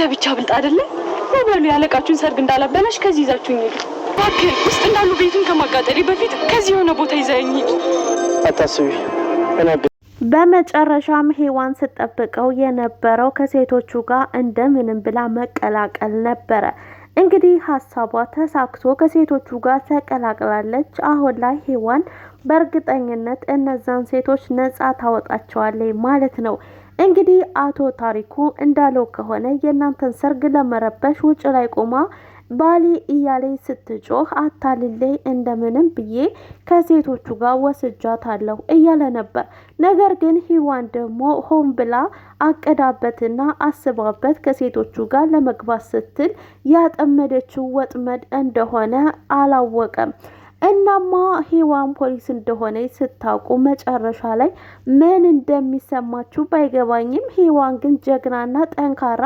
አንተ ብቻ ብልጥ አይደለ? በሉ ያለቃችሁን ሰርግ እንዳላበላሽ ከዚህ ይዛችሁኝ ሄዱ። እባክህ ውስጥ እንዳሉ ቤቱን ከማቃጠሌ በፊት ከዚህ የሆነ ቦታ ይዘኸኝ ሄዱ። አታስቢ። በመጨረሻም ሄዋን ስጠብቀው የነበረው ከሴቶቹ ጋር እንደምንም ብላ መቀላቀል ነበረ። እንግዲህ ሀሳቧ ተሳክቶ ከሴቶቹ ጋር ተቀላቅላለች። አሁን ላይ ሄዋን በእርግጠኝነት እነዛን ሴቶች ነጻ ታወጣቸዋለች ማለት ነው። እንግዲህ አቶ ታሪኩ እንዳለው ከሆነ የእናንተን ሰርግ ለመረበሽ ውጭ ላይ ቆማ ባሌ እያሌ ስትጮህ አታልሌ እንደምንም ብዬ ከሴቶቹ ጋር ወስጃታለሁ እያለ ነበር። ነገር ግን ሂዋን ደግሞ ሆን ብላ አቀዳበትና አስባበት ከሴቶቹ ጋር ለመግባት ስትል ያጠመደችው ወጥመድ እንደሆነ አላወቀም። እናማ ሂዋን ፖሊስ እንደሆነ ስታውቁ መጨረሻ ላይ ምን እንደሚሰማችሁ ባይገባኝም ሂዋን ግን ጀግናና ጠንካራ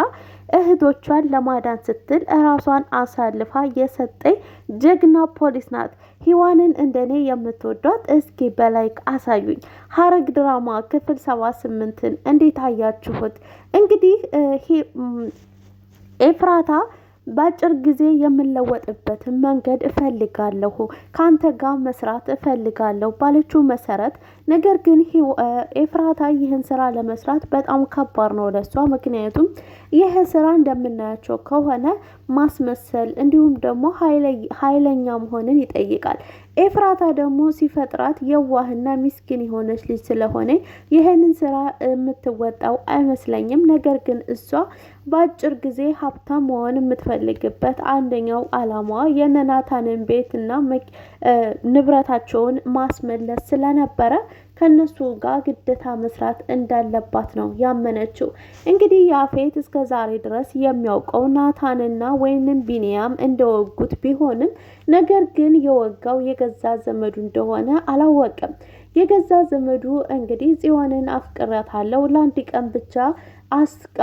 እህቶቿን ለማዳን ስትል እራሷን አሳልፋ የሰጠኝ ጀግና ፖሊስ ናት። ሂዋንን እንደኔ የምትወዷት እስኪ በላይክ አሳዩኝ። ሐረግ ድራማ ክፍል ሰባ ስምንትን እንዴት አያችሁት? እንግዲህ ኤፍራታ በአጭር ጊዜ የምለወጥበትን መንገድ እፈልጋለሁ፣ ከአንተ ጋር መስራት እፈልጋለሁ ባለችው መሰረት ነገር ግን ኤፍራታ ይህን ስራ ለመስራት በጣም ከባድ ነው ለሷ። ምክንያቱም ይህ ስራ እንደምናያቸው ከሆነ ማስመሰል እንዲሁም ደግሞ ኃይለኛ መሆንን ይጠይቃል። ኤፍራታ ደግሞ ሲፈጥራት የዋህና ሚስኪን የሆነች ልጅ ስለሆነ ይህንን ስራ የምትወጣው አይመስለኝም። ነገር ግን እሷ በአጭር ጊዜ ሀብታም መሆን የምትፈልግበት አንደኛው አላማዋ የነናታንን ቤትና ንብረታቸውን ማስመለስ ስለነበረ ከነሱ ጋር ግዴታ መስራት እንዳለባት ነው ያመነችው። እንግዲህ ያፌት እስከ ዛሬ ድረስ የሚያውቀው ናታንና ወይንም ቢንያም እንደወጉት ቢሆንም ነገር ግን የወጋው የገዛ ዘመዱ እንደሆነ አላወቅም። የገዛ ዘመዱ እንግዲህ ጽዮንን አፍቅራታለሁ ለአንድ ቀን ብቻ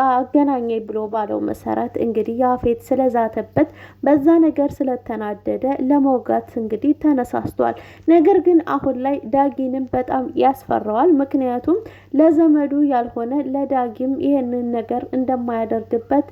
አገናኘኝ ብሎ ባለው መሰረት እንግዲህ ያፌት ስለዛተበት በዛ ነገር ስለተናደደ ለመውጋት እንግዲህ ተነሳስቷል። ነገር ግን አሁን ላይ ዳጊንም በጣም ያስፈራዋል። ምክንያቱም ለዘመዱ ያልሆነ ለዳጊም ይህንን ነገር እንደማያደርግበት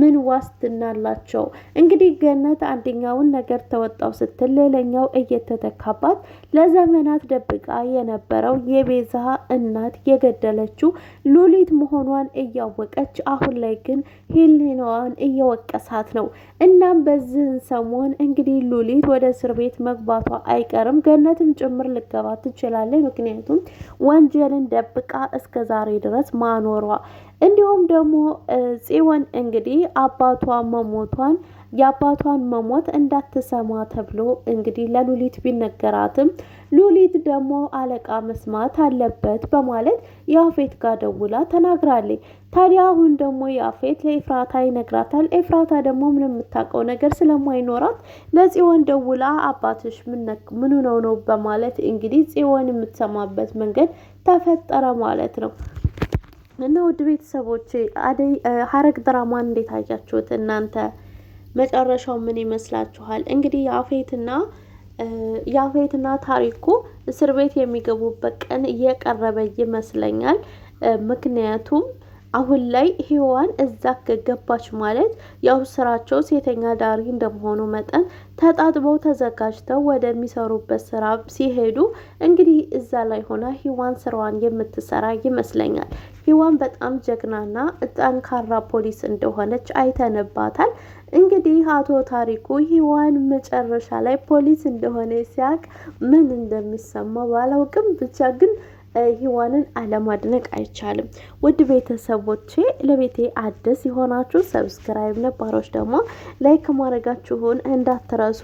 ምን ዋስትና አላቸው? እንግዲህ ገነት አንደኛውን ነገር ተወጣው ስትል ሌላኛው እየተተካባት ለዘመናት ደብቃ የነበረው የቤዛ እናት የገደለችው ሉሊት መሆኗን እያ እያወቀች አሁን ላይ ግን ሄሌናዋን እየወቀሳት ነው። እናም በዚህን ሰሞን እንግዲህ ሉሊት ወደ እስር ቤት መግባቷ አይቀርም። ገነትም ጭምር ልገባ ትችላለች። ምክንያቱም ወንጀልን ደብቃ እስከ ዛሬ ድረስ ማኖሯ እንዲሁም ደግሞ ጽዮን እንግዲህ አባቷ መሞቷን የአባቷን መሞት እንዳትሰማ ተብሎ እንግዲህ ለሉሊት ቢነገራትም ሉሊት ደግሞ አለቃ መስማት አለበት በማለት የአፌት ጋር ደውላ ተናግራለች። ታዲያ አሁን ደግሞ የአፌት ለኤፍራታ ይነግራታል። ኤፍራታ ደግሞ ምን የምታውቀው ነገር ስለማይኖራት ለጽዮን ደውላ አባትሽ ምኑ ነው ነው በማለት እንግዲህ ጽዮን የምትሰማበት መንገድ ተፈጠረ ማለት ነው። እና ውድ ቤተሰቦች አደይ ሀረግ ድራማን እንዴት አያችሁት እናንተ? መጨረሻው ምን ይመስላችኋል? እንግዲህ የአፌትና የአፌትና ታሪኩ እስር ቤት የሚገቡበት ቀን እየቀረበ ይመስለኛል። ምክንያቱም አሁን ላይ ሔዋን እዛ ከገባች ማለት ያው ስራቸው ሴተኛ ዳሪ እንደመሆኑ መጠን ተጣጥበው ተዘጋጅተው ወደሚሰሩበት ስራ ሲሄዱ እንግዲህ እዛ ላይ ሆና ሔዋን ስራዋን የምትሰራ ይመስለኛል። ሔዋን በጣም ጀግናና ጠንካራ ፖሊስ እንደሆነች አይተንባታል። እንግዲህ አቶ ታሪኩ ሔዋን መጨረሻ ላይ ፖሊስ እንደሆነ ሲያቅ ምን እንደሚሰማው ባላውቅም ብቻ ግን ሔዋንን አለማድነቅ አይቻልም። ውድ ቤተሰቦቼ ለቤቴ አዲስ የሆናችሁ ሰብስክራይብ፣ ነባሮች ደግሞ ላይክ ማድረጋችሁን እንዳትረሱ።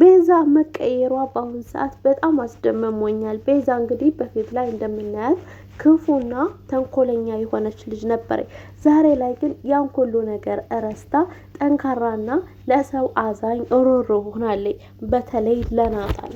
ቤዛ መቀየሯ በአሁኑ ሰዓት በጣም አስደመሞኛል። ቤዛ እንግዲህ በፊት ላይ እንደምናያት ክፉና ተንኮለኛ የሆነች ልጅ ነበር። ዛሬ ላይ ግን ያን ሁሉ ነገር እረስታ ጠንካራና ለሰው አዛኝ ሮሮ ሆናለች። በተለይ ለናታን